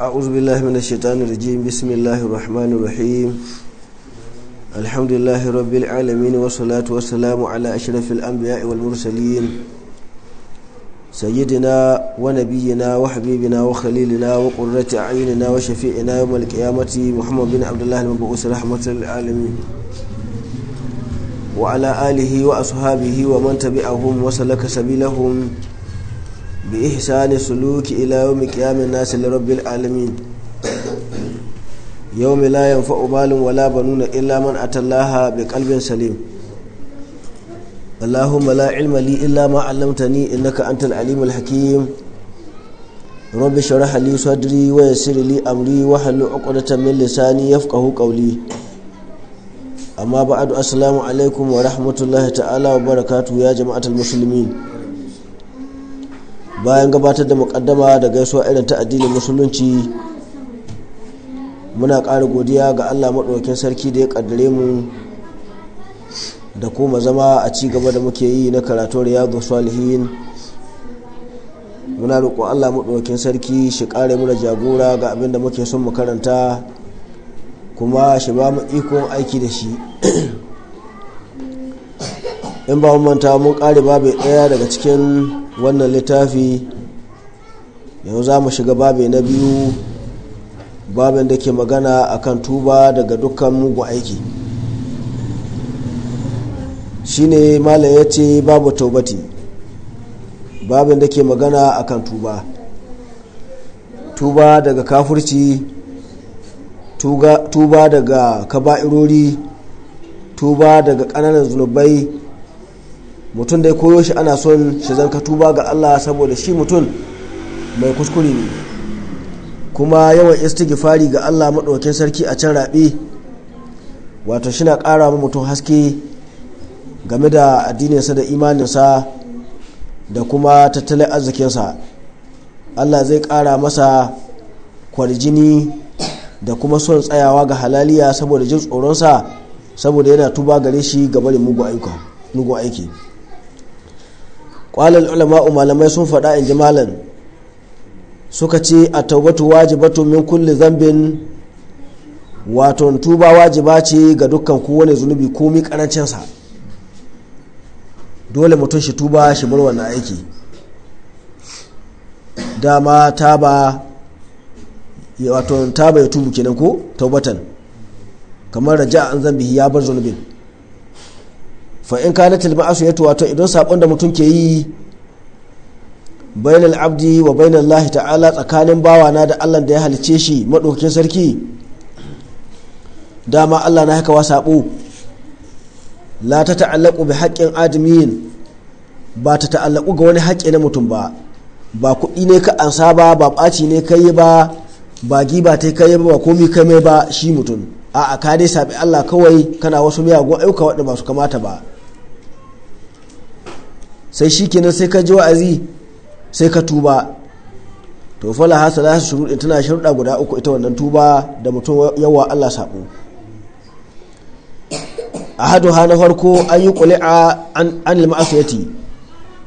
أعوذ بالله من الشيطان الرجيم بسم الله الرحمن الرحيم الحمد لله رب العالمين والصلاة والسلام على أشرف الأنبياء والمرسلين سيدنا ونبينا وحبيبنا وخليلنا وقرة أعيننا وشفيعنا يوم القيامة محمد بن عبد الله المبعوث رحمة للعالمين وعلى آله وأصحابه ومن تبعهم وسلك سبيلهم بإحسان سلوك إلى يوم قيام الناس لرب العالمين يوم لا ينفع مال ولا بنون إلا من أتى الله بقلب سليم اللهم لا علم لي إلا ما علمتني إنك أنت العليم الحكيم رب اشرح لي صدري ويسر لي أمري واحلل عقدة من لساني يفقه قولي أما بعد السلام عليكم ورحمة الله تعالى وبركاته يا جماعة المسلمين bayan gabatar da mukaddama da gaisuwa irin ta addinin musulunci muna ƙara godiya ga allah maɗaukin sarki da ya ƙaddare mu da kuma zama a ci gaba da muke yi na karatu riyadu salihin muna roƙo allah maɗaukin sarki shi ƙare mu da jagora ga abin da muke son mu karanta kuma shi ba mu ikon aiki da shi in ba manta mun ƙare babu ɗaya daga cikin wannan littafi yau za mu shiga babi na biyu babin da ke magana akan tuba daga dukkan mugu aiki shine ne ya ce babu taubati babin da ke magana akan tuba tuba daga kafurci tuba daga kaba'irori tuba daga ƙananan zunubai mutum da ya koyo shi ana son shi zarka tuba ga Allah saboda shi mutum mai kuskure ne kuma yawan istighfari ga Allah maɗaukin sarki a can raɓe wato shi na ƙara ma mutum haske game da addininsa da imaninsa da kuma tattalin arzikinsa Allah zai ƙara masa kwarjini da kuma son tsayawa ga halaliya saboda jin tsoronsa saboda yana tuba gare shi ga barin mugun aiki ƙwalar ulama malamai sun faɗa in ji malam suka ce a taubatu wajibatu min kulli zambin wato tuba wajiba ce ga dukkan kowane zunubi komi karancinsa dole mutum shi tuba shi bar na aiki dama ta ba wato ta ba ya tubu kenan ko taubatan kamar raja an zambi ya bar zunubin fa in kana tilma asu yato wato idan sabon da mutum ke yi bainal abdi wa bainal lahi ta'ala tsakanin bawana da Allah da ya halice shi madaukakin sarki dama Allah na haka wa sabo la ta ta'allaku bi haƙƙin adamiyin ba ta ta'allaku ga wani haƙƙi na mutum ba ba kuɗi ne ka ansa ba ba ɓaci ne ka yi ba ba giba ta ka yi ba ba komi ka mai ba shi mutum a'a ka dai saɓi Allah kawai kana wasu miyagun ayyuka waɗanda ba su kamata ba sai shi kenan sai ka ji wa'azi sai ka tuba to fala hasa za su shuruɗe tana sharuɗa guda uku ita wannan tuba da mutum yawa Allah sabo a ha na farko an yi ƙuli'a an ma'asiyati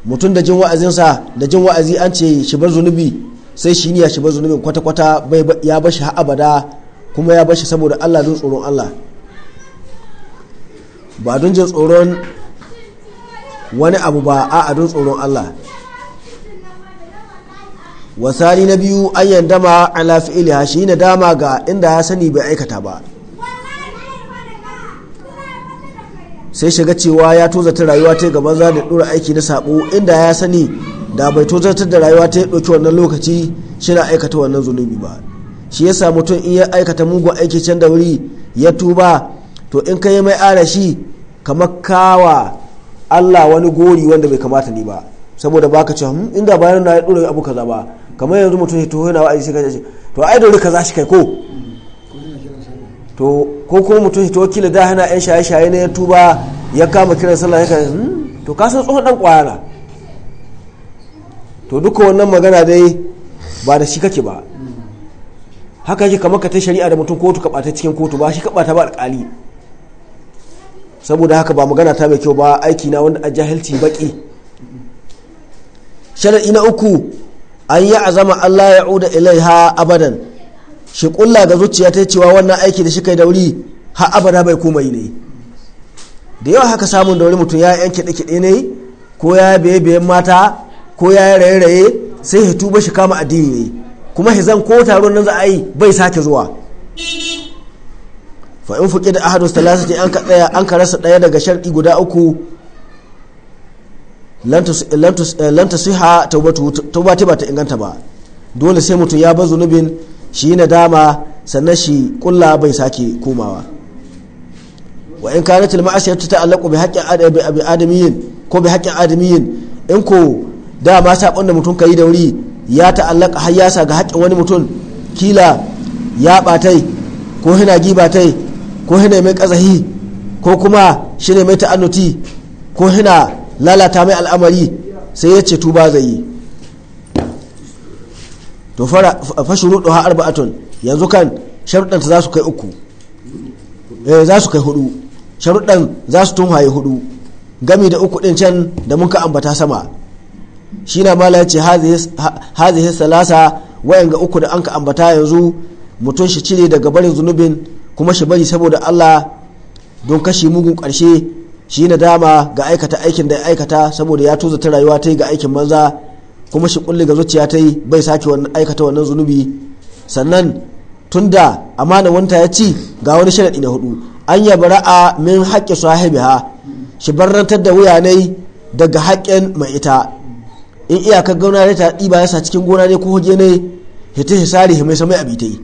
mutum da jin sa da jin wa'azi an ce shi bar zunubi sai shi ne ya shi bar zunubin kwata-kwata ya bashi har bada kuma ya bashi saboda Allah don tsoron Allah ba don jin tsoron wani abu ba a don tsoron Allah wasali na biyu an yandama ala ha shi na dama ga inda ya sani bai aikata ba sai shiga cewa ya tozata rayuwa ta gaban za da dora aiki na sabo inda ya sani da bai tozata da rayuwa ta ya ɗauki wannan lokaci shi na aikata wannan zunubi ba shi ya sa mutum in ya aikata mugun aiki can da wuri ya tuba to in ka yi mai shi kamar kawa Allah wani gori wanda bai kamata ni ba saboda baka ce hmm, inda bayan na ya dora abu kaza ba kamar yanzu mutum ya toho yana wa'azi sai ka to ai dole kaza shi kai ko to ko kuma mutum ya toho kila da hana yan shaye shaye ne ya tuba ya kama kiran sallah ya kai hmm, to ka san tsohon dan kwana to duka wannan magana dai ba da shi kake ba haka yake kamar ka ta shari'a da mutum kotu ka bata cikin kotu ba shi ka bata ba alƙali saboda haka ba magana ta mai kyau ba aiki na wanda a jahilci baki sharaɗi na uku an yi azama Allah ya uda ilai ha abadan shi kulla ga zuciya ta cewa wannan aiki da shi kai dauri ha abada bai komai ne da yawa haka samun dauri mutum ya yanke kiɗe kiɗe ne ko ya biye biyan mata ko ya yi raye raye sai ya tuba shi kama addini ne kuma hizan ko taron nan za a yi bai sake zuwa fa in da ahadu thalathati an ka tsaya an ka rasa daya daga sharɗi guda uku lantus ta siha taubatu ba ta inganta ba dole sai mutum ya bar zunubin shi na dama sannan shi kulla bai sake komawa wa in kanat al ma'asiyatu ta'allaqu bi haqqi haƙƙin adamiyyin ko bi haqqi adamiyyin in ko dama sabon da mutum kai da wuri ya ta'allaka har ya ga haƙƙin wani mutum kila ya batai ko hina gibatai ko hina mai kazahi ko kuma shi ne mai ta'annuti ko hina lalata mai al'amari sai ya ce tuba zai yi to fa shuruɗu ha arba'atun yanzu kan sharuɗan za su kai uku eh za su kai hudu sharuɗan za su tunhaye hudu gami da uku ɗin can da muka ka ambata sama shi na mala ce hazihi salasa ga uku da an ka ambata yanzu mutum shi cire daga barin zunubin kuma shi bari saboda Allah don kashe mugun karshe shi na dama ga aikata aikin da ya aikata saboda ya tuza ta rayuwa ta yi ga aikin banza kuma shi kulle ga zuciya ta yi bai sake aikata wannan zunubi sannan tunda amana wanta ya ci ga wani sharaɗi na hudu an ya bara'a min haƙƙi sahibiha shi barrantar da wuya ne daga haƙƙin mai ita in iyakar gauna ta ɗiba yasa cikin gona ne ko hoje ne hita hisari mai samai abitai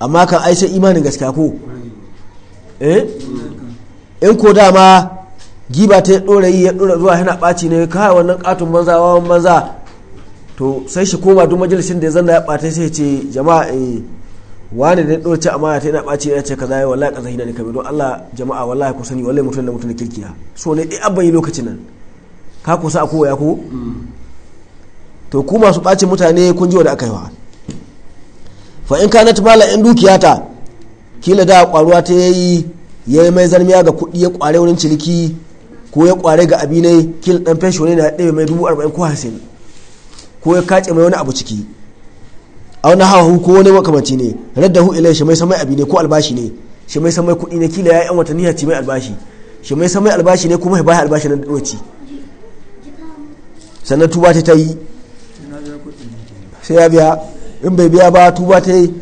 amma kan aisha imanin gaskiya ko eh in ko dama giba ta ya dora yi ya dora zuwa yana ɓaci ne kawai wannan katon banza wawan banza to sai shi koma duk majalisin da ya zanna ya ɓata sai ce jama'a eh wani da ya dora ci amma ta yana ɓaci ya ce kaza ya eh, wallahi kaza hina ne kamar don Allah jama'a wallahi ku sani wallahi mutum da mutum da kirkiya so ne dai abban yi lokacin nan ka kusa a ya ko mm. to ku masu ɓacin mutane kun ji wa da aka yi wa fa in kana mala in dukiya ta kila da kwaruwa ta yayi yayi mai zarmiya ga kudi ya kware wurin ciniki ko ya kware ga abi ne kila dan fashion ne na dabe mai dubu arba'in ko 50 ko ya kace mai wani abu ciki a wani hawa ko wani makamanci ne hu ilai shi mai samai abi ne ko albashi ne shi mai samai kudi ne kila ya yan watanni ya ci mai albashi shi mai samai albashi ne kuma ya bai albashi na doci sannan tuba ta yi sai ya biya in bai biya ba tuba ta yi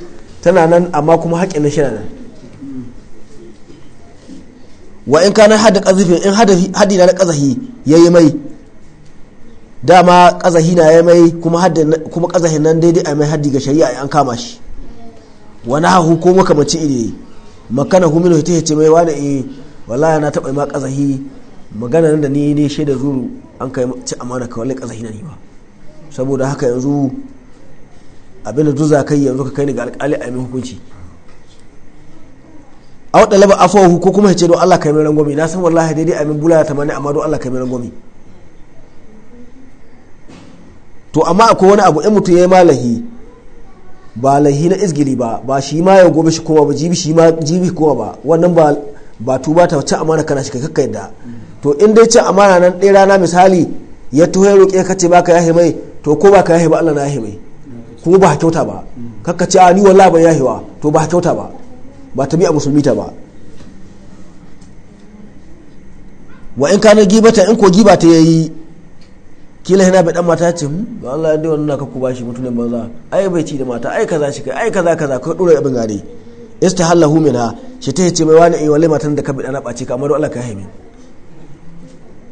tana nan amma kuma haƙƙin na shirana wa in kanar hada ƙazifin in hadi na ƙazahi ya yi mai dama ƙazahi na ya mai kuma ƙazahin nan daidai a mai hadi ga shari'a an kama shi wani hahu ko makamanci iri makana hu minu ce mai wani e eh, wallahi na taɓa ma ƙazahi magana da ni ne shaidar zuru an kai ci amana kawai wallahi ƙazahi na ni ba saboda haka yanzu abinda duk za kai yanzu ka kai ni ga alƙali a yi hukunci a wadda laba afawahu ko kuma ya ce don Allah kai mai rangwami na san wallahi daidai a min bulala tamanin amma don Allah kai mai rangwami to amma akwai wani abu in mutum ya yi malahi ba lahi na izgili ba ba shi ma ya gobe shi kowa ba jibi shi ma jibi kowa ba wannan ba ba tuba ta cin amana kana shi kai kakka yadda to in dai cin amana nan ɗaya rana misali ya tuho roƙe ka ce baka yahi mai to ko baka yahi ba Allah na yahi mai kuma ba kyauta ba kakka ce a ni labar ban yahewa to ba kyauta ba ba ta bi a musulmi ta ba wa in kana gibata in ko giba ta yayi kila yana bai dan mata ce hmm, ba Allah ya dawo na ka ku bashi mutunan banza ai bai ci da mata ai kaza shi kai ai kaza kaza ka dora abin gare istahallahu minha shi ta ce mai wani in eh, wallahi matan da ka bi dan bace ka amma Allah ka haime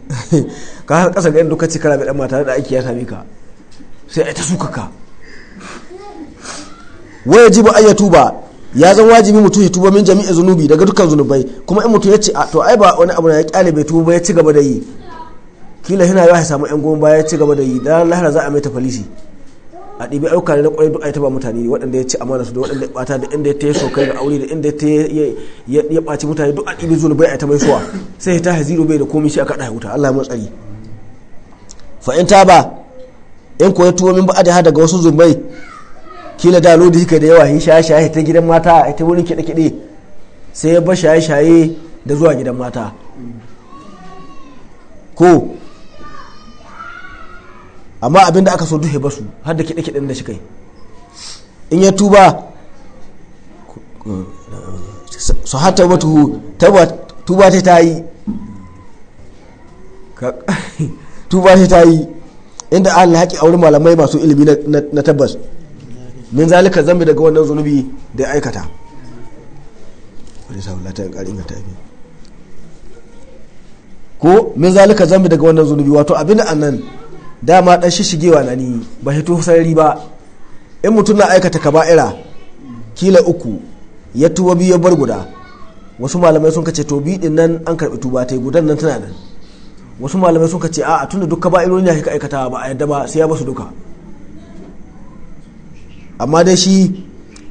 ka har kasa ga duka ci kana bai dan mata da aiki ya same ka sai ai ta suka ka wa yajibu an yatuba ya zan wajibi mutum ya tuba min jami'a zunubi daga dukkan zunubai kuma in mutum ya ce to ai ba wani abu na ya kyale bai tuba ba ya ci gaba da yi kila yana ya samu yan goma baya ya ci gaba da yi dan lahara za a mai falishi. a ɗibi ayyuka ne na ƙwarai duk a ba mutane ne waɗanda ya ci amana su da waɗanda ya ɓata da inda ya ta yi sokai da aure da inda ya ta ya ɓaci mutane duk a ɗibi zunubai a ta mai suwa sai ya ta haziru bai da komai shi a kaɗa wuta Allah ya matsari fa'in ta ba in koyi tuwo min ba'a da daga wasu zunubai kila da lodi kai da yawa yi shaye-shaye ta gidan mata a ta wurin kiɗe-kiɗe sai ya bar shaye-shaye da zuwa gidan mata ko amma abinda aka so duhe basu har da kiɗe-kiɗen da shi kai in ya tuba su har batu tuba ta ta yi tuba ta ta yi inda an haƙi a wurin malamai masu ilimi na tabbas min zalika zambi daga wannan zunubi da aikata ko min zalika zambi daga wannan zunubi wato abin da annan dama dan shishigewa na ni ba hito sarari ba in mutum na aikata kaba'ira kila uku ya tuwa biyu ya bar guda wasu malamai sun kace to biyu nan an karbi tuba ta gudan nan tana nan wasu malamai sun kace a'a tunda duk kaba'ironi ne ka aikata ba a yadda ba sai ya basu duka amma dai shi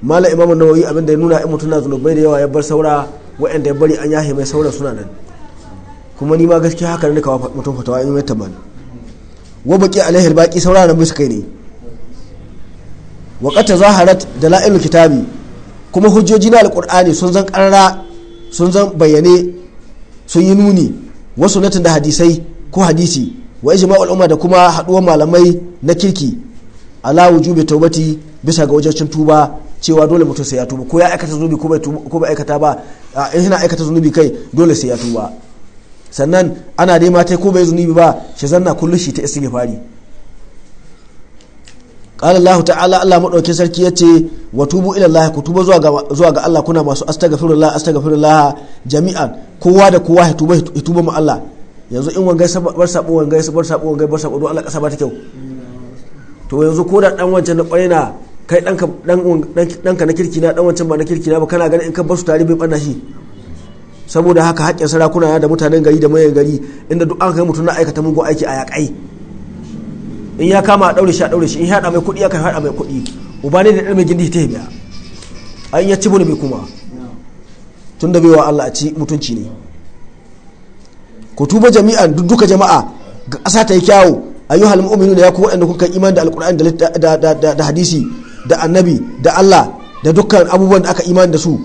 malam imam nawawi abin da ya nuna in mutum na zunubai da yawa ya bar saura waɗanda ya bari an yahe mai saura suna nan kuma ni ma gaskiya haka ne kawo mutum fatawa in mai tabbani wa baki alaihi baki saura na musu kai ne wa qata zaharat dalailul kitabi kuma hujjoji na alqur'ani sun zan karra sun zan bayyane sun yi nuni wasu natin da hadisai ko hadisi wa ijma'ul umma da kuma haduwar malamai na kirki ala wujubi taubati bisa ga wajen tuba cewa dole mutum sai ya tuba ko ya aikata zunubi ko bai aikata ba in yana aikata zunubi kai dole sai ya tuba sannan ana nema ta ko bai zunubi ba shi zanna kullu shi ta istighfari qala Allah ta'ala Allah madaukin sarki yace wa tubu ila Allah ku tuba zuwa ga zuwa ga Allah kuna masu astaghfirullah astaghfirullah jami'an kowa da kowa ya tuba ya tuba mu Allah yanzu in wangai sabar sabo wangai sabar sabo wangai bar sabo do Allah kasa ba ta kyau to yanzu ko da dan wancan na kwarai na kai ɗanka na kirki na ɗan wancan ba na kirki na ba kana ganin in ka basu tare bai ɓanna shi saboda haka haƙƙin sarakuna da mutanen gari da mayan gari inda duk an kai mutum na aikata mugu aiki a yaƙai in ya kama a ɗaure shi a ɗaure shi in haɗa mai kuɗi ya kai haɗa mai kuɗi uba ne da ɗan mai gindi ta biya a in ya ci bane bai kuma tun da baiwa Allah a ci mutunci ne ku tuba jami'an duka jama'a ga ƙasa ta yi kyawu ayyuhal mu'minu ya ku waɗanda kuka imani da alqur'ani da da hadisi da annabi da Allah da dukkan abubuwan da aka imani da su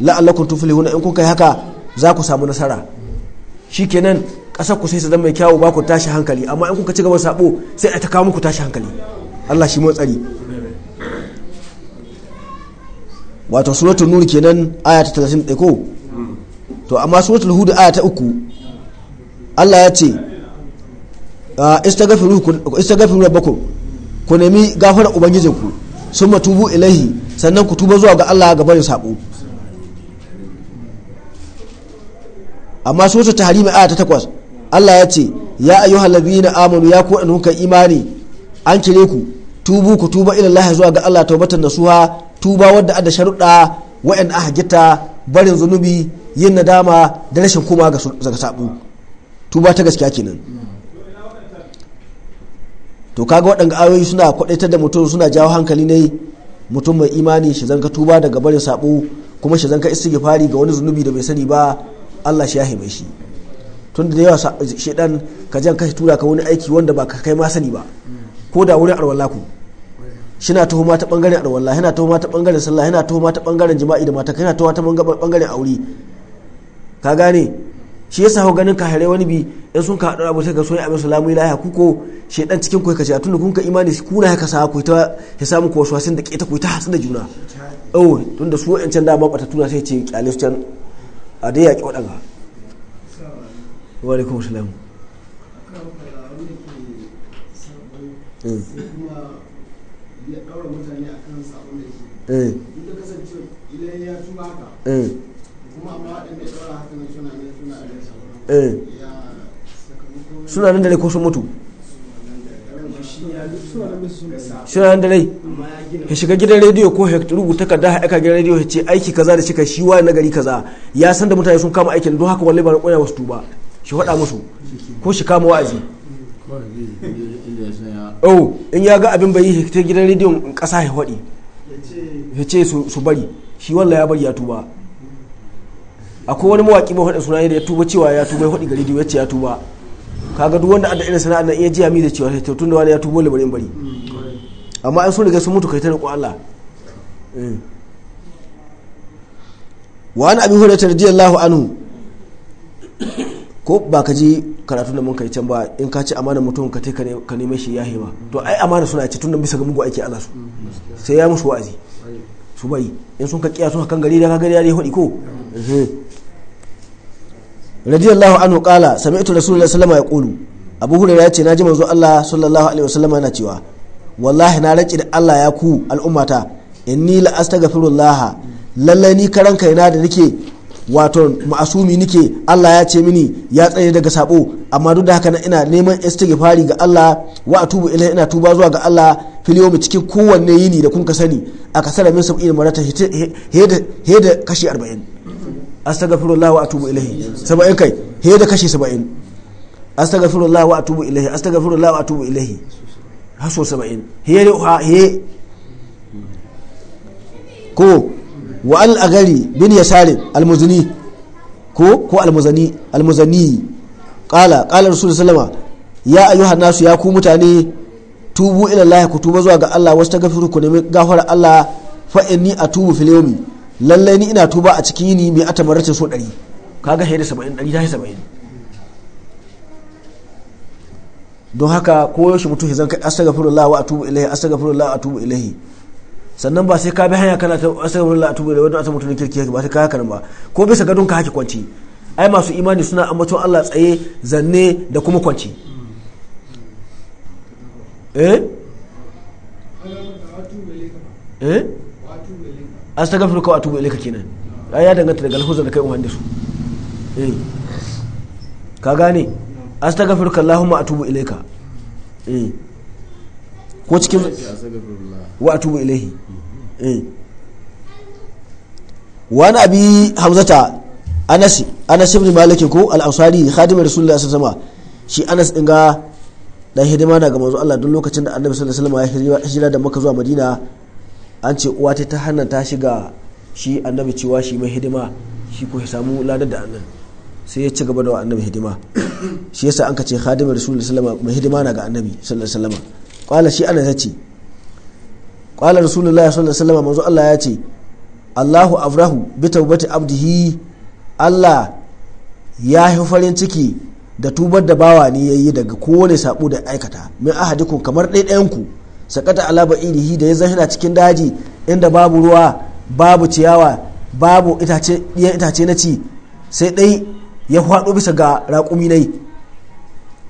la'allakum tuflihuna in kuka yi haka za ku samu nasara shikenan kasar ku sai su zama mai kyawu ba ku tashi hankali amma in kuka ci gaba sabo sai a ta kawo muku tashi hankali Allah shi tsari. wato suratul nur kenan aya ta 31 ko to amma suratul hud aya ta 3 Allah ya ce istagafiru rabbakum ku nemi gafara ubangijinku sun matubu ilahi sannan ku tuba zuwa ga Allah ga barin sabo amma su ta tahrimi aya ta takwas Allah ya ce ya ayyuhal na amanu ya ku nuka imani an kire ku tubu ku tuba ila Allah zuwa ga Allah taubatan nasuha tuba wadda da sharuɗa a ahjita barin zunubi yin nadama da rashin koma ga sabo tuba ta gaskiya kenan to kaga waɗanda ayoyi suna kwaɗaitar da mutum suna jawo hankali ne mutum mai imani shi zanka tuba daga barin sabo kuma shi zanka istighfari ga wani zunubi da bai sani ba Allah shi ya haime shi tun da yawa shedan ka jan kashi tura ka wani aiki wanda ba ka kai ma sani ba ko da wurin arwallaku ku na tuhuma ta bangaren arwalla yana tuhuma ta bangaren sallah yana tuhuma ta bangaren jima'i da mata yana tuhuma ta bangaren aure ka gane shi yasa hau ganin kahare wani bi in sun ka haɗu abu sai ka so ya amsa lamu ku ko shedan cikin ku tunda kun ka imani ku na haka sa ku ta ya samu ku wasu da keta ku ta hatsi da juna oh tunda su wa'ancan da ba kwata tuna sai ce kyale su can a dai ya ƙi mutane Eh. suna nan da ko sun mutu suna nan da rai ya shiga gidan rediyo ko ya rubuta ka da aka gidan rediyo ya ce aiki kaza da cika shi wani nagari kaza ya san da mutane sun kama aikin don haka wani ba na koya wasu tuba shi faɗa musu ko shi kama wa'azi oh in ya ga abin bai yi ta gidan rediyon kasa ya faɗi ya ce su bari shi wallahi ya bari ya tuba akwai wani mawaki mai hada suna da ya tuba cewa ya tuba ya faɗi gari ya ce ya tuba kaga duk wanda adda irin sana'a nan iya jiya mi da cewa sai tun da wani ya tuba le bari bari amma an sun riga sun mutu kai ta riƙo Allah eh. wa an abi hurairah radiyallahu anhu ko ba ka ji karatu da mun kai can ba in ka ci amana mutum ka ka neme shi ya hema to ai amana suna ci da bisa ga mugu aiki ana su sai ya musu wa'azi su bari in sun ka kiyasu sun kan gari da ka gari ya hudi ko eh. radiyallahu anhu qala sami'tu rasulullahi sallallahu alaihi wasallam yaqulu abu hurairah ya ce naji manzo Allah sallallahu alaihi wasallam yana cewa wallahi na raki da Allah ya ku al'ummata inni la astaghfirullah lallai ni karan kaina da nake wato ma'asumi nike Allah ya ce mini ya tsaye daga sabo amma duk da haka na ina neman istighfari ga Allah wa atubu ilai ina tuba zuwa ga Allah fil yawmi cikin kowanne yini da kun ka sani a kasara min sab'in marata heda kashi arba'in. astaghfirullah wa atubu ilaihi saba'in kai he da kashi saba'in astaghfirullah wa atubu ilaihi astaghfirullah wa atubu ilaihi haso saba'in he ne ha he ko wa al agari bin yasari al almuzani ko ko al muzani al muzani qala qala rasul sallama ya ayyuha nasu ya ku mutane tubu ila allah ku tuba zuwa ga allah wastaghfiru ku nemi gafara allah fa inni atubu fil yawmi lallai ni ina tuba a cikin yini mai atamarrace so ɗari kaga da saba'in ɗari ta saba'in don haka ko yaushe mutum zan kai astaghfirullah wa atubu ilaihi astaghfirullah wa atubu ilaihi sannan ba sai ka bi hanya kana ta astaghfirullah atubu ilaihi wanda mutum kirki ba sai ka haka ba ko bisa gadon ka haki kwanci ai masu imani suna ambaton Allah tsaye zanne da kuma kwanci eh eh kawai a atubu ilayka kenan ya danganta daga alhuzar da kai wanda su eh ka gane astaghfiruka allahumma atubu ilayka eh ko cikin wa atubu ilayhi eh wa na abi hamzata anas anas ibn malik ko al-ansari khadim rasulullahi sallallahu alaihi wasallam shi anas din ga dan hidima na ga manzo Allah duk lokacin da annabi sallallahu alaihi wasallam ya hijira da makka zuwa madina an ce uwa ta ta hana ta shiga shi annabi cewa shi mai hidima shi ko ya samu ladar da annan sai ya ci gaba da annabi hidima shi yasa an ka ce khadimu rasulullahi sallallahu alaihi wasallam mai hidima na ga annabi sallallahu alaihi wasallam qala shi ana tace qala rasulullahi sallallahu alaihi wasallam manzo Allah ya ce Allahu afrahu bi taubati abdihi Allah ya yi farin ciki da tubar da bawa ne yayi daga kowane sabo da aikata min ahadikum kamar ɗayan ku sakata ala ba'irihi da ya zan yana cikin daji inda babu ruwa babu ciyawa babu itace itace na ci sai dai ya faɗo bisa ga raƙumi nai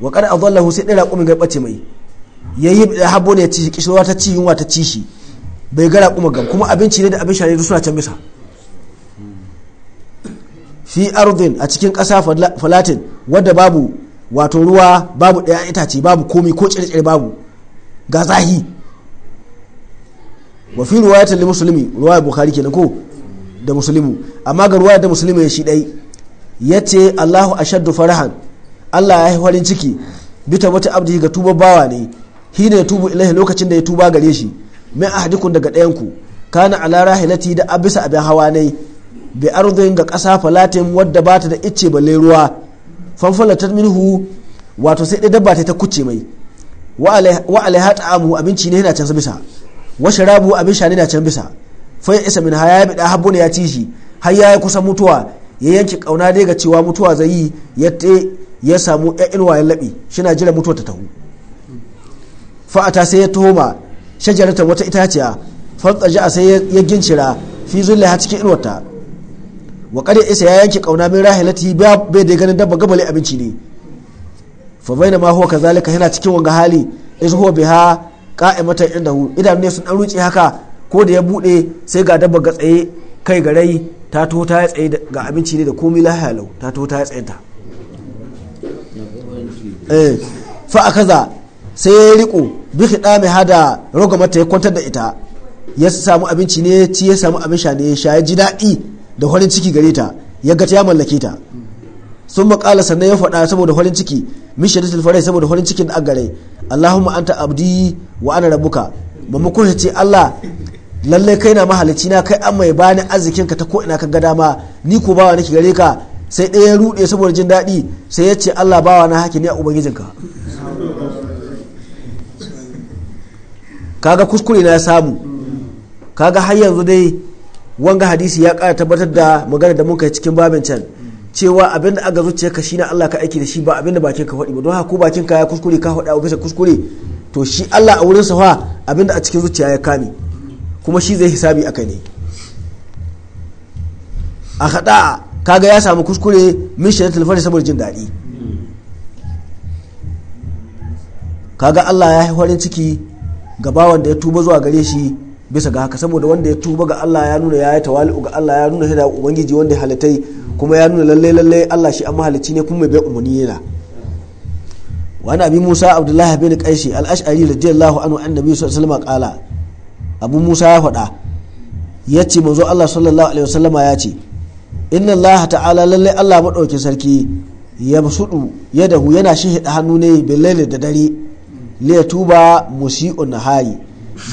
wa kada adallahu sai dai raƙumin ga bace mai yayi habbo ne ya ci kishirwa ta ci yunwa ta ci shi bai ga raƙuma ga kuma abinci ne da abin shari'a suna can bisa fi ardin a cikin ƙasa falatin wadda babu wato ruwa babu ɗaya itace babu komi ko tsire-tsire babu ga zahi wa fi riwayatin li musulmi ruwayar bukhari kenan ko da musulmi amma ga ruwayar da musulmi ya shi dai yace Allahu ashaddu farahan Allah ya yi farin ciki bita wata abdi ga tuba bawa ne hi ya tubu ilahi lokacin da ya tuba gare shi min ahadikun daga ɗayan ku kana ala rahilati da abisa abin hawa ne bi arzin ga ƙasa falatin wadda ba ta da icce balle ruwa fanfalatar minhu wato sai ɗaya dabba ta kuce mai wa alaiha ta'amu abinci ne yana can bisa wa sharabu abin sha na can bisa fa ya isa min haya ya bida habbo ne ya ci shi har ya yi kusa mutuwa ya yanke kauna dai ga cewa mutuwa zai yi ya te ya samu ƴaƴan wayan laɓi na jira mutuwa ta tahu fa ata sai ya tuhuma shajarata wata itaciya a sai ya gincira fi ha cikin inuwarta wa kada isa ya yanke kauna min rahilati bai da ganin dabba gabale abinci ne fa ma huwa kazalika yana cikin wanga hali iz huwa biha qa'imatan hu idan ne sun dan ruce haka ko da ya bude sai ga dabba ga tsaye kai ga rai ta to ta tsaye ga abinci ne da komai lahalau ta to ta tsaye ta eh fa akaza sai ya riko bi mai hada mata ya kwantar da ita ya samu abinci ne ci ya samu abin sha ne ya ya ji daɗi da farin ciki gare ta ya ga ta mallake ta sun makala sannan ya faɗa saboda farin ciki min shaddatil farai saboda farin cikin a gare Allahumma anta abdi wa ana rabbuka mamakon ya ce Allah lallai kai na mahalicci na kai an mai bani arzikin ka ta ko ina ka ga dama ni ko bawa nake gare ka sai ɗaya ya rude saboda jin daɗi sai ya ce Allah bawa na haki ne a ka. kaga kuskure na samu kaga har yanzu dai wanga hadisi ya ƙara tabbatar da magana da muka yi cikin babin can cewa abin da ka shi na Allah ka aiki da shi ba abin da bakin ka faɗi ba don haka ko bakin ka ya kuskure ka faɗa bisa kuskure to shi Allah a wurin sa fa abin da a cikin zuciya ya kame kuma shi zai hisabi kai ne a hada kaga ya samu kuskure min shi telefoni saboda jin daɗi kaga Allah ya yi farin ciki ga bawan da ya tuba zuwa gare shi bisa ga haka saboda wanda ya tuba ga Allah ya nuna ya yi tawali'u ga Allah ya nuna shi da ubangiji wanda ya halittai kuma ya nuna lalle lalle Allah shi an mahalicci ne kuma bai umarni yana wani abi musa abdullahi bin qaishi al-ash'ari radiyallahu anhu annabi sallallahu alaihi wasallam abu musa ya faɗa yace ce manzo Allah sallallahu alaihi wasallama ya ce inna Allah ta'ala lalle Allah madaukin sarki ya sudu yadahu yana shihida hannu ne billaili da dare li tuba musi'un nahari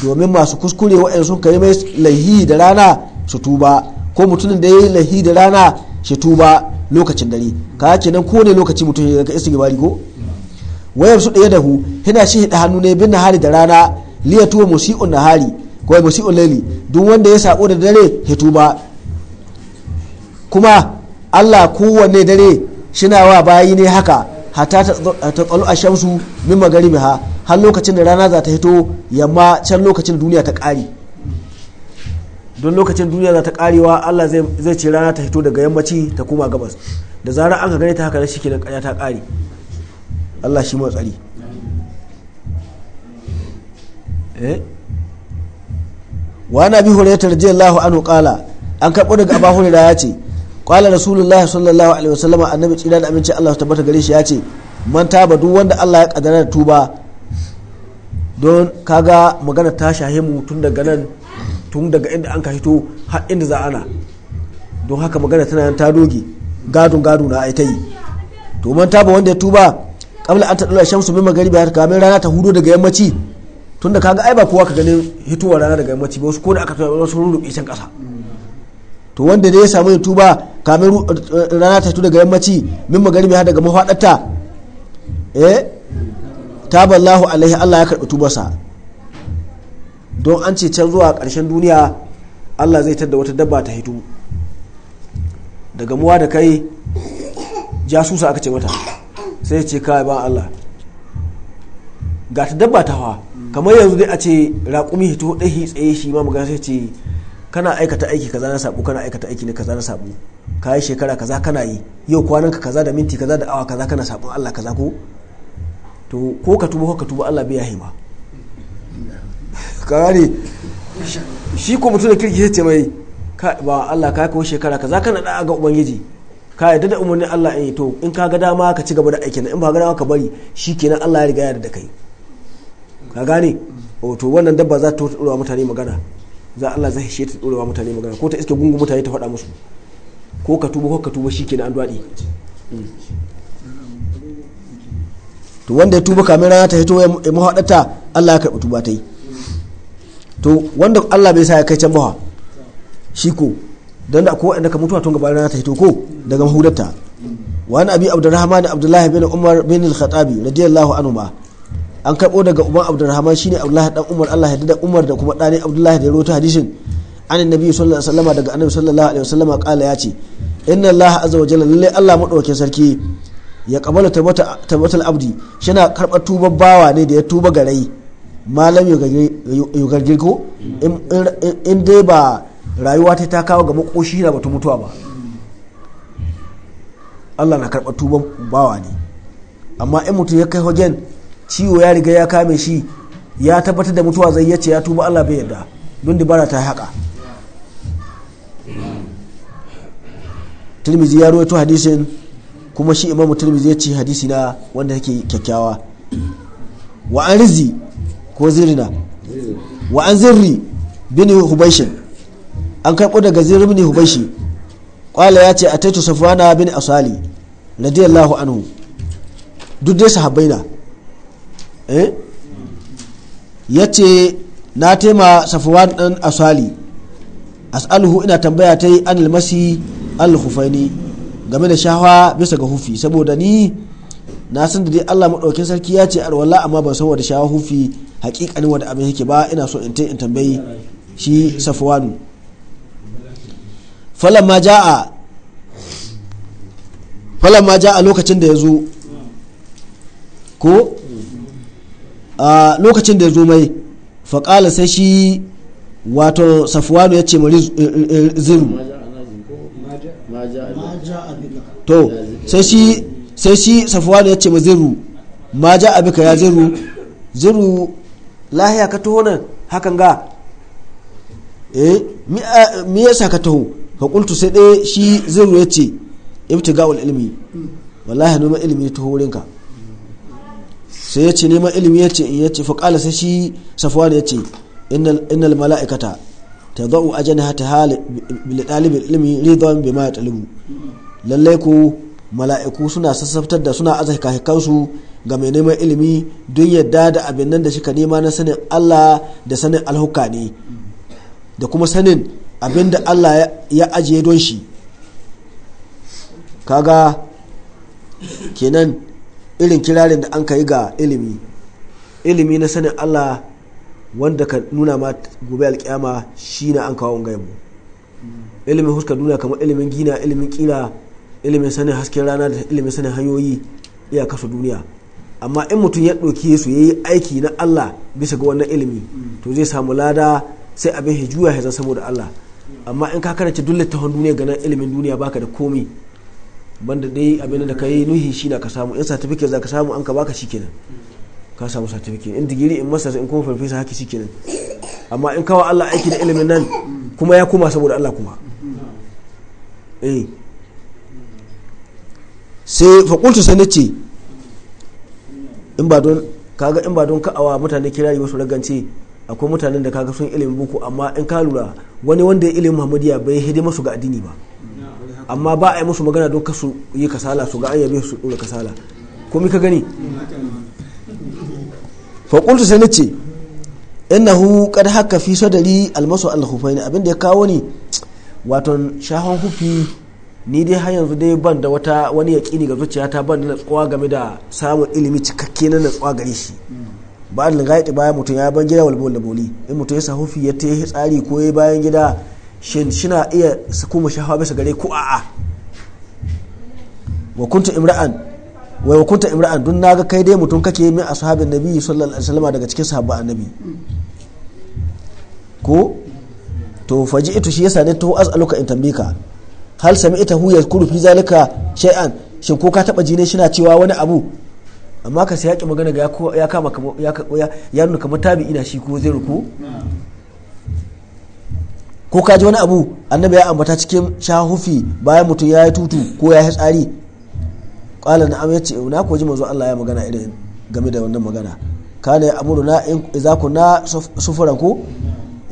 domin masu kuskure waɗansu sun kai mai laihi da rana su tuba ko mutumin da ya yi laihi da rana shi tuba lokacin dare ka ce nan ko ne lokaci mutum ya ga istighfari ko wayar su ɗaya hu yana shi da hannu ne bin nahari da rana liya tuwa musi'un nahari ko musi'un laili duk wanda ya sako da dare ya tuba kuma Allah kowanne dare shina wa bayi ne haka hata ta tsalu a shamsu min magaribi ha har lokacin da rana za ta hito yamma can lokacin duniya ta ƙare don lokacin duniya za ta karewa Allah zai ce rana ta hito daga yammaci ta koma gabas da zarar an gane ta haka na shi ke ƙarya ta kare Allah shi matsari eh wa nabi jiyar radiyallahu anhu qala an karbo daga abahu da ya ce qala rasulullahi sallallahu alaihi wasallam annabi tsira da aminci Allah tabbata gare shi ya ce man taba duk wanda Allah ya kaddara tuba don kaga magana ta shahimu tun daga nan tun daga inda an ka hito har inda za ana don haka magana tana ta doge gadon gado na ai ta yi to man ba wanda ya tuba kamar an taɗa shamsu min magariba ya kamin rana ta hudo daga yammaci tunda kaga ai ba kowa ka ganin hitowar rana daga yammaci ba wasu ko da aka tuba wasu rurrubi can ƙasa to wanda ne ya samu ya tuba kamin eh, rana ta hitu daga yammaci min magariba ya daga mafaɗarta eh taballahu alaihi Allah ya karɓi tubarsa don an ce can zuwa ƙarshen duniya allah zai tadda wata dabba ta hito daga muwa da kai jasusa aka ce mata sai ce kawai ba allah ga ta dabba ta hawa kamar yanzu dai a ce raƙumi hito ɗahi tsaye shi ma magana sai ce kana aikata aiki kaza na sabu kana aikata aiki na kaza na sabu ka yi shekara kaza kana yi yau kwanan ka kaza da minti kaza da awa kaza kana sabon Allah kaza ko to ko ka tuba ko ka tuba Allah bai hima kare shi ko mutum da kirki sai ce mai ba Allah ka kawo shekara ka za ka da ga ubangiji ka yadda da umarnin Allah in eh, to in ka ga dama ka ci gaba da aikin in ba ga dama ka bari shi kenan Allah ya riga ya yarda kai ka gane to wannan dabba za ta dora mutane magana za Allah zai shi ta dora mutane magana ko ta iske gungun mutane ta faɗa musu ko ka tuba ko ka tuba shi kenan an duwaɗi hmm. to wanda ya tuba kamar rana ta hito ya mahaɗata Allah ya karɓi tuba ta yi to wanda Allah bai sa ya kai can bawa shi ko don da ko waɗanda ka mutuwa tun gaba rana ta hito ko daga mahudarta wani abi abdurrahman abdullahi bin umar bin al-khattabi radiyallahu anhu ma an karbo daga umar abdurrahman shine abdullahi dan umar Allah ya da umar da kuma dani abdullahi da ya rawaito hadisin an nabi sallallahu alaihi wasallam daga annabi sallallahu alaihi wasallam kala ya ce inna Allah azza wa jalla lalle Allah madaukakin sarki ya kabala tabata tabatal abdi shina karɓar tubar bawa ne da ya tuba garai malam yugargir ko in dai ba rayuwa ta ta kawo ga makoshi na batu mutuwa ba Allah na karɓar tuban bawa ne amma in mutum ya kai wajen ciwo ya riga ya kame shi ya tabbatar da mutuwa zai yace ya tuba Allah bai yarda don dibara ta haka turmizi ya ruwaito hadisin kuma shi imamu turmizi ya ce hadisi na wanda yake kyakkyawa wa an rizi ko zirina wa an zirri bin hubaishin an karɓo daga zirri bin hubaishi kwale ya ce a taitu safwana bin asali radiyallahu anhu duk dai sahabbai na eh? ya ce na taima safwan ɗan asali as'aluhu ina tambaya ta yi an almasi alhufaini game da shawa bisa ga hufi saboda ni na san da dai Allah maɗaukin sarki ya ce arwala amma ban san wata shawa hufi hakikanin wanda abin yake ba ina so in in tambayi shi safwanu falamma ja'a falamma ja'a lokacin da ya zo ko a lokacin da ya zo mai faƙala sai shi wato safwanu ya ce mari eh, eh, eh, ziru to sai shi sai shi safwanu ya ce ma ziru ma ja abika ya ziru ziru lahiya ka taho nan hakan ga eh me yasa ka taho fa qultu sai dai shi zirru yace ibtiga'ul ilmi wallahi neman ilimi taho wurin ka sai yace neman ilimi yace in yace fa qala sai shi safwan yace innal innal mala'ikata tadau ajnaha tahal li talibil ilmi ma bima talibu lallai ku mala'iku suna sassaftar da suna azaka kansu ga mai neman ilimi don yadda da abin nan da shi ka nema na sanin Allah da sanin alhuka ne da kuma sanin abin da Allah ya ajiye don shi kaga kenan irin kirarin da an yi ga ilimi ilimi na sanin Allah wanda ka nuna ma gobe alkiyama shi na an kawo gaibu ilimin huska nuna kamar ilimin gina ilimin kila ilimin sanin hasken rana da ilimin sanin hanyoyi iya kasu duniya amma in mutum ya ɗauke su ya yi aiki na Allah bisa ga wannan ilimi to zai samu lada sai abin hijuwa ya zan saboda Allah amma in ka karanta duk littafin duniya ganin ilimin duniya baka da komi banda dai abin da ka yi nuhi shi na ka samu in certificate za ka samu an ka baka shi kenan ka samu certificate in digiri in masters in kuma farfesa haka shi kenan amma in kawo Allah aiki da ilimin nan kuma ya koma saboda Allah kuma eh sai fakultu sai ce in ba don kaga in ba don awa mutane kirari wasu ragance akwai mutanen da kaga sun ilimin buku amma in ka lura wani wanda ya ilimin muhammadiya bai hidima masu ga addini ba amma ba a yi musu magana don kasu yi kasala su ga an yabe su dora kasala ko ka gani faƙultu sai nace innahu qad haka fi sadari almasu alhufaini abinda ya kawo ni waton shahon hufi ni dai har yanzu dai ban da wata wani yaƙini ga zuciya ta ban da natsuwa game da samun ilimi cikakke na natsuwa gare shi ba da gaiti bayan mutum ya ban gida walbol da boli in mutum ya sahufi ya ta yi tsari ko ya bayan gida shin shina iya kuma shafa bisa gare ku a'a wa kunta imra'an wa wa kunta dun naga kai dai mutum kake min ashabin nabi sallallahu alaihi wasallam daga cikin sahabba annabi ko to faji shi yasa ne to az'aluka in tambika hal sami'ta hu yazkuru fi zalika shay'an shin ko ka taba jine shi na cewa wani abu amma ka sai yaki magana ga ya kama ya nuna kamar tabi ina shi ko zai ruku ko ka ji wani abu annabi ya ambata cikin shahufi bayan mutum ya yi tutu ko ya yi tsari kwallon na na'am yace na ko ji Allah ya magana irin game da wannan magana kana ne amuru na in za ku na sufuran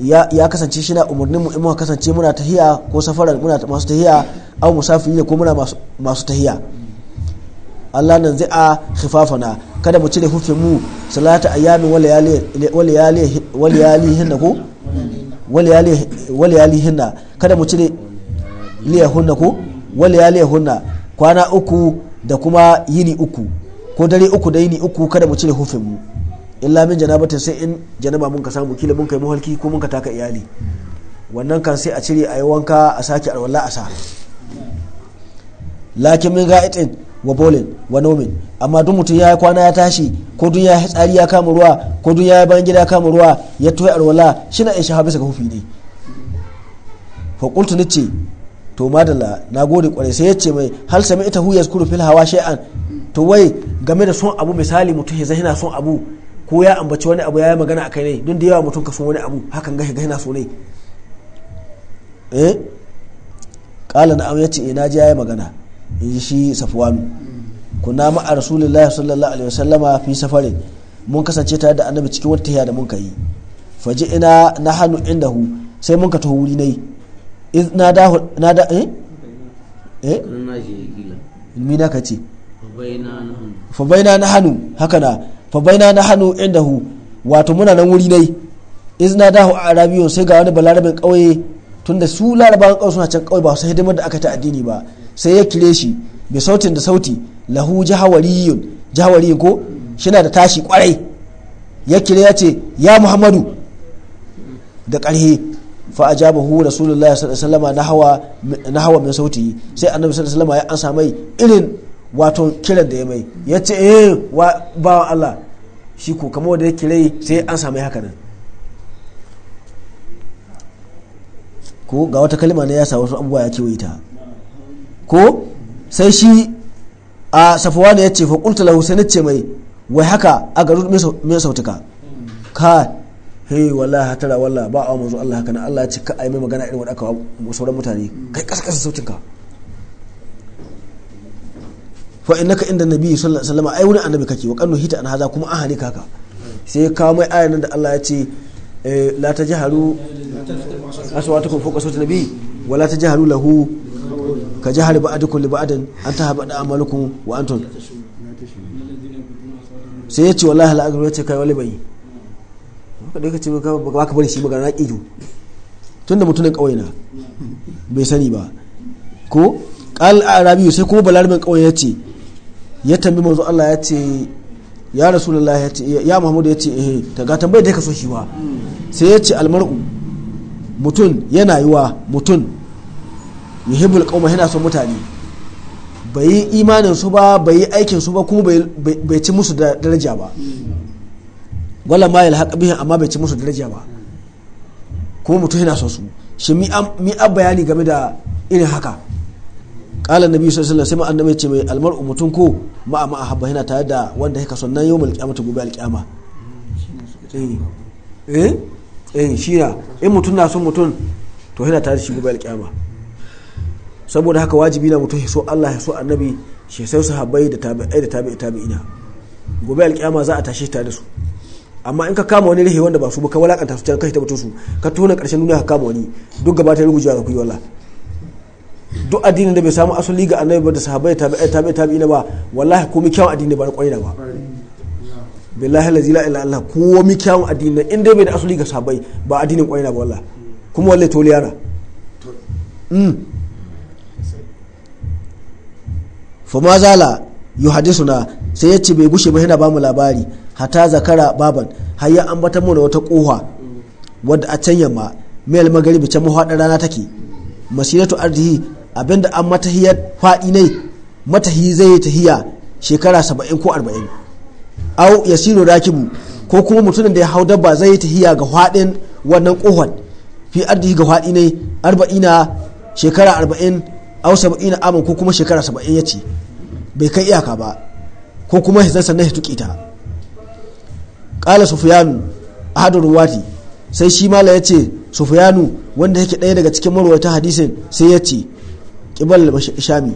ya kasance shi na umarnin mu in muka kasance muna tahiya ko safarar muna masu tahiya aw musafiri ko muna masu tahiya Allah nan zai a khifafana kada mu cire hufin mu salata wal layali hinna ko layali hinna kada mu cire liya hunna ko layali hunna kwana uku da kuma yini uku ko dare uku da yini uku kada mu cire hufin mu lamin janaba ta sai in janaba mun ka samu kila mun kai muhalki ko mun ka taka iyali wannan kan sai a cire a yi wanka a sake alwala a sa lakin min ga'itin wa bolin wa nomin amma duk mutum ya kwana ya tashi ko duk ya tsari ya kama ruwa ko duk ya yi bayan gida kama ruwa ya toye alwala shi na isha bisa ga hufi ne fa ce to madalla na gode kwarai sai yace mai hal sami ita huyar kuru fil hawa shay'an to wai game da son abu misali mutum ya yana son abu ko ya ambaci wani abu ya yi magana a kai ne don da yawa mutum kafin wani abu hakan gashi gashi na so ne eh kala na'am ya ce ina eh, ji ya yi magana in ji shi safwanu kunna ma a rasulullahi sallallahu alaihi wasallama fi safarin mun kasance tare da annabi cikin wata tahiya da mun kai faji ina na hannu indahu sai mun ka taho wuri nai iz na da na da eh eh mina ka ce fa baina na hannu haka na fa na hannu inda hu wato muna nan wuri dai izna dahu arabiyo sai ga wani balarabin tun da su larabawan kawai suna can kawai ba su hidimar da aka ta addini ba sai ya kire shi bi sautin da sauti lahu jahawariyun jahawari ko shi na da tashi kwarai ya kire ya ce ya muhammadu da ƙarhe fa ajabahu rasulullahi sallallahu alaihi wasallam na hawa mai sauti sai annabi sallallahu alaihi wasallam ya ansa mai irin wato kiran da ya mai ya ce eh wa Allah shi ko kamar da ya kirai sai an sami haka nan ko ga wata kalima ne ya sa wasu abubuwa ya kewaye ta ko sai shi a safuwa ne ya ce fa kulta lahu sai ce mai wai haka a garu min sautuka ka he wallahi hatara wallahi ba a manzo Allah haka nan Allah ya ce ka ai mai magana irin wanda aka sauran mutane kai kasa kasa sautinka fa innaka inda nabi sallallahu alaihi wasallam ai wurin annabi kake wa kannu hita an haza kuma an hane kaka sai kawo mai ayan da Allah ya ce eh, la ta tajharu aswatukum fuka sawti nabi wa la tajharu lahu ka jahari ba'dukum li ba'din an da amalukum wa antum sai ya ce wallahi la'agru ya ce kai wali bai ka dai ka ce ba ka bari shi magana na kijo tunda mutunan kauye na bai sani ba ko qal arabiyu sai kuma balarmin kauye ya ce ya tambi manzo Allah ya ce ya rasulullah ya ce ya muhammadu ya ce eh ta ga tambayar da ka so shi wa sai ya ce almar'u mutum yana yi wa mutum yuhibbul qauma yana son mutane bai yi imanin su ba bai yi aikin ba kuma bai ci musu daraja ba wala ma yalhaq biyan amma bai ci musu daraja ba kuma mutum yana son su shi mi bayani game da irin haka qala nabi sallallahu alaihi wasallam sai annabi ce mai almar'u mutum ko ma ma habba yana tare da wanda yake son nan yawmul qiyamati gobe alqiyama eh eh, eh shi na in mutum na son mutum to yana tare da shi gobe alqiyama saboda haka wajibi na mutum so Allah ya so annabi shi sai su habbai da tabi'ai da tabi'i tabi'ina gobe alqiyama za a tashi tare da su amma in ka kama wani rahe wanda ba su ba ka walakanta su can kai ta mutu su ka tona karshen duniya ka kama wani duk gaba ta rugujewa ga kuyi wallahi duk addinin da bai samu asali ga annabi ba da sahabbai tabi'ai tabi'ai ina ba wallahi komai kyawun addini ba na kwaina ba billahi la ilaha illa allah komai kyawun addini in dai bai da asali ga sahabbai ba addinin kwaina ba wallahi kuma wallahi fa ma mm. zala yuhadisuna sai ya ce bai gushe ba yana bamu labari hata zakara baban har ya ambata mu da wata koha wadda a can yamma mil magaribi can mahaɗar rana take masiratu arziki. abinda an matahiyar faɗi ne matahi zai yi tahiya shekara saba'in ko arba'in au yasiru rakibu ko kuma mutumin da ya hau dabba zai yi tahiya ga faɗin wannan ƙohon fi ardihi ga faɗi ne arba'ina shekara arba'in au saba'ina amon ko kuma shekara saba'in ya ce bai kai iyaka ba ko kuma hizansa na tuƙi ta ƙala sufiyanu a ahadu ruwati sai shi mala ya ce sufiyanu wanda yake ɗaya daga cikin marwata hadisin sai ya ce kibal shami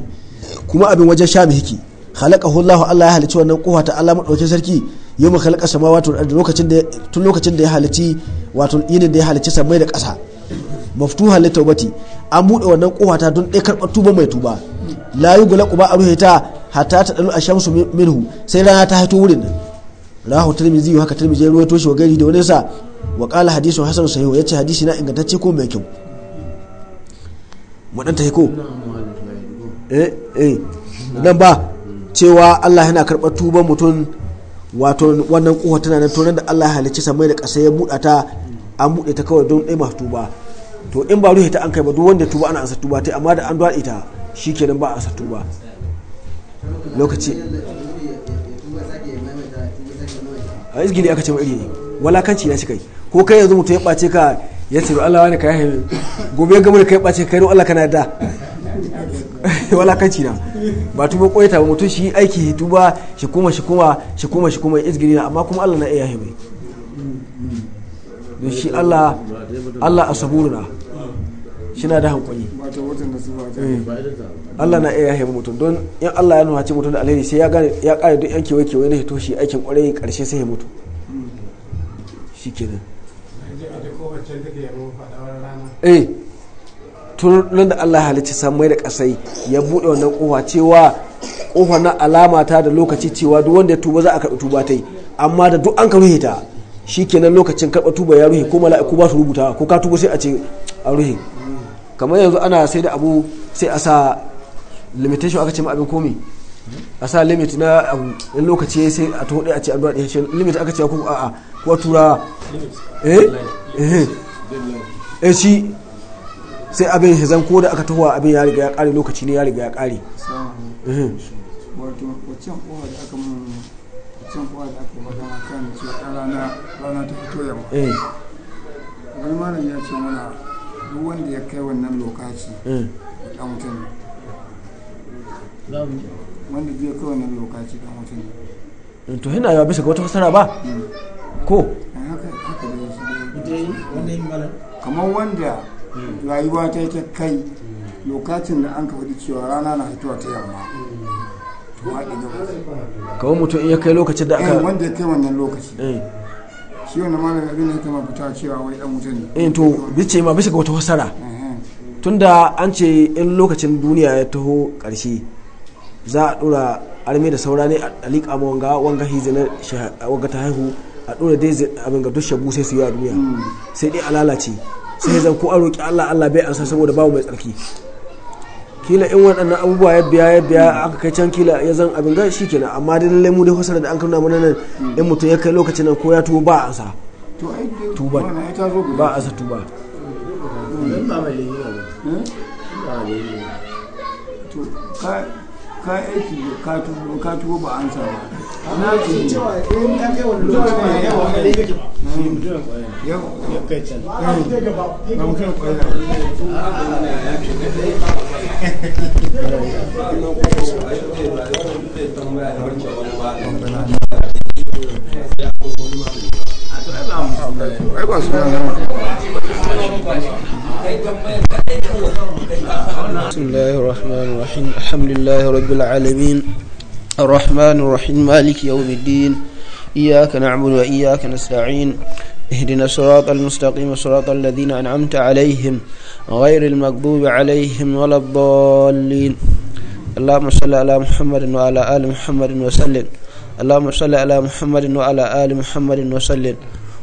kuma abin wajen shami hiki khalaqahu Allah Allah ya halicci wannan kofa ta Allah madaukakin sarki yau mu khalaqa samawati wal lokacin da tun lokacin da ya halici wato yinin da ya halici samai da ƙasa maftuha li tawbati an bude wannan kofa ta don dai karɓar tuba mai tuba la yughlaqu ba aruhe ta hatta ta dalu ashamsu minhu sai rana ta haito wurin nan rahu tirmizi haka tirmizi ya ruwaito shi wa gari da wani sa wa qala hadithu hasan sahih yace hadisi na ingantacce ko mai kyau mu dan eh eh nan ba cewa Allah yana karɓar tuban mutum wato wannan kuwa tana nan tonar da Allah halicci samai da ƙasa ya buɗa ta an buɗe ta kawai don ɗaya masu tuba to in ba ruhe ta an kai ba duk wanda tuba ana ansa tuba ta amma da an duwa ita kenan ba a ansa tuba lokaci a izgili aka ce ma iri walakanci na shi kai ko kai yanzu mutum ya ɓace ka ya ce Allah wani ka yahe gobe ya gama da kai ɓace kai don Allah kana da walakanci na ba tuba koyata ba mutum shi aiki tuba shi kuma shi kuma shi kuma shi kuma izgiri na amma kuma Allah na iya mai don shi Allah Allah asaburu na shi na da hankali eh. Allah na iya mai mutum don in Allah ya nuna ce mutum da alheri sai ya gane ya kare duk yan kewaye na hito shi aikin kwarai karshe sai ya mutu shikenan eh tun da Allah halicci samai da kasai ya buɗe wannan kofa cewa kofa na alama ta da lokaci cewa duk wanda ya tuba za a karɓi tuba ta yi amma da duk an ka ruhe ta kenan lokacin karɓa tuba ya ruhe ko mala'iku ba su rubuta ko ka tuba sai a ce a ruhe kamar yanzu ana sai da abu sai a sa limitation aka ce ma abin komi a sa limit na abu in lokaci sai a to a ce an daɗe shi limit aka ce ko a'a ko tura eh? eh eh shi sai abin hizan ko da aka tahowa abin ya riga ya kare lokaci ne ya riga ya kare rana eh. ya ce mana duk wanda ya kai wannan lokaci eh. wanda zai kai wannan lokaci mutum eh, to yawa bisa ga wata ba hmm. ko kamar wanda rayuwa ta ta kai lokacin da an ka faɗi cewa rana na fitowa ta yamma kawo mutum in ya kai lokacin da aka eh, wanda ya kai wannan lokaci eh. shi ma daga abin da ya kama fita cewa wai dan mutum ne eh, to bice ma bisa ga wata fasara tunda an ce in lokacin duniya ya taho karshe za a dora armi da saura ne a liƙa ma wanga wanga hizi na wanga ta haihu a dora dai abin ga dushe bu sai su yi a duniya mm. sai dai a lalace sai zan ko an roƙi Allah Allah bai ansa saboda babu mai tsarki kila in waɗannan abubuwa ya biya ya biya aka kai can kila ya zan abin gan shi kenan amma dai lallai mu dai fasara da an kauna mana nan in mutum ya kai lokacin nan ko ya tuwo ba ansa tuba eh? ba ansa tuba ba ka aiki ka ka ba an samu na ce cewa in ka kai wani lokaci yawa yawa ya kai can ba kwaya ba بسم الله الرحمن الرحيم الحمد لله رب العالمين الرحمن الرحيم مالك يوم الدين إياك نعبد وإياك نستعين اهدنا الصراط المستقيم صراط الذين أنعمت عليهم غير المغضوب عليهم ولا الضالين اللهم صل على محمد وعلى آل محمد وسلم اللهم صل على محمد وعلى آل محمد وسلم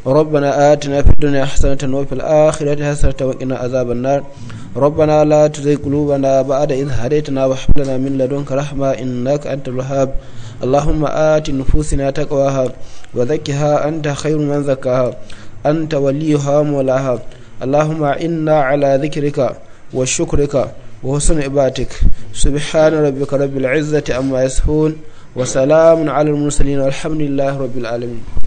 ربنا آتنا في الدنيا حسنة وفي الآخرة حسنة وقنا عذاب النار ربنا لا تزغ قلوبنا بعد إذ هديتنا وهب لنا من لدنك رحمة إنك أنت الوهاب اللهم آت نفوسنا تقواها وزكها أنت خير من زكاها أنت وليها مولاها اللهم إنا على ذكرك وشكرك وحسن عبادتك سبحان ربك رب العزة عما يصفون وسلام على المرسلين والحمد لله رب العالمين